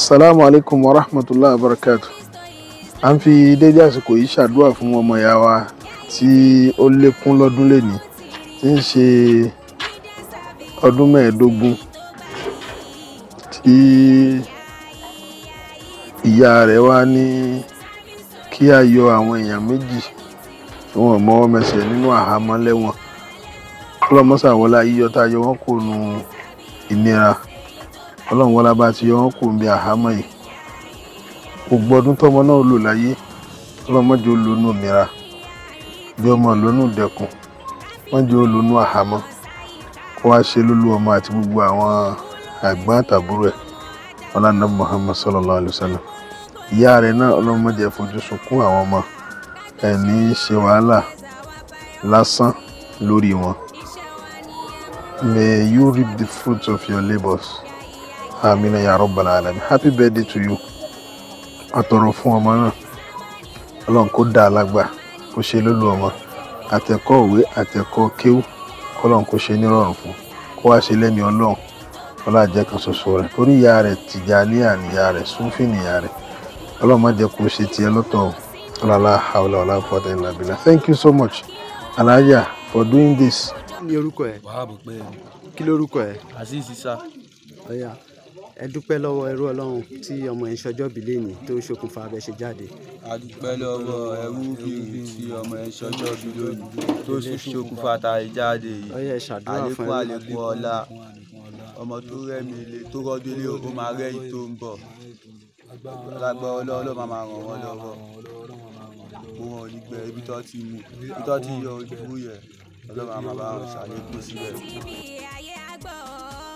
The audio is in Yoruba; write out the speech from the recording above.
salamu alaikum wa rahmatullahi wa barakatu à ń fi dédé àsìkò yìí ṣàdúrà fún ọmọ ìyá wa tí ó lékún lọ́dún lẹ́ni tí ń ṣe ọdún mẹ́ẹ̀ẹ́dógún tí ìyá rẹ̀ wá ní kí a yọ àwọn èèyàn méjì tí wọ́n mọ́wọ́ mẹsẹ̀ nínú àhámọ́ lẹ́wọ̀n kí lọ́mọ́sàwọ́lá yíyọ tá a yọ wọ́n kò nu ìnira ọlọ́run wọlá bá ti yọ wọn kò àhámọ́ yìí gbogbo ọdún tọmọ náà lò láyé ọlọ́mọdé olónú mìíràn bí ọmọ lónú dẹkùn wọ́n olónú àhámọ́ kó wá ṣe lólú ọmọ àti gbogbo àwọn àgbọn àtàbúrò ẹ̀ ọlànà Muhammad sallallahu alayhi wa sallam ìyá rẹ̀ náà ọlọ́mọdé fojú sunkún àwọn ọmọ ẹ̀ ṣe wàhálà lásán lórí wọn may you reap the fruits of your labours amina ya rabbal alamin happy birthday to you àtọ̀rọ̀ fún ọmọ náà lagba kó dá alágbà kó ṣe lólu ọmọ àtẹ̀kọ́ òwe àtẹ̀kọ́ kéwù kọ́lọ́run kó ṣe nírọ̀rùn fún kó wá ṣe lẹ́ni ọlọ́run ọlá jẹ́ kan ṣoṣo rẹ̀ torí ìyá rẹ̀ tìjàníyà níyà rẹ̀ súnfìn ìyá rẹ̀ ọlọ́run má jẹ́ kó ṣe tiẹ̀ lọ́tọ̀ ọ̀làlá àwòlà ọ̀là fọ́tà ìlà thank you so much alájà for doing this. kí ni orúkọ ẹ kí lorúkọ ẹ. azeez isa ẹ dúpẹ́ lọ́wọ́ ẹrú ọlọ́run tí ọmọ ẹ̀ ń ṣọjọ́ bí lénìí tó ṣokùnfà abẹ ṣe jáde. a dúpẹ́ lọ́wọ́ ẹrú bíi tí ọmọ ẹ̀ ń ṣọjọ́ bí lónìí tó ṣokùnfà tá a jáde yìí. ọyẹ ṣàdúrà fún ẹrú àlékún ọlá ọmọ tó rẹ́mi ilé tó rọ́jú ilé ó máa rẹ́ yìí tó ń bọ̀ lágbára ọlọ́run ló máa ràn wọ́n lọ́wọ́ mo wọn ò ibi tó ti mú ibi tó ti yọ ojú yẹ ọlọ́run á máa bá wọn ṣàlékún síbẹ̀.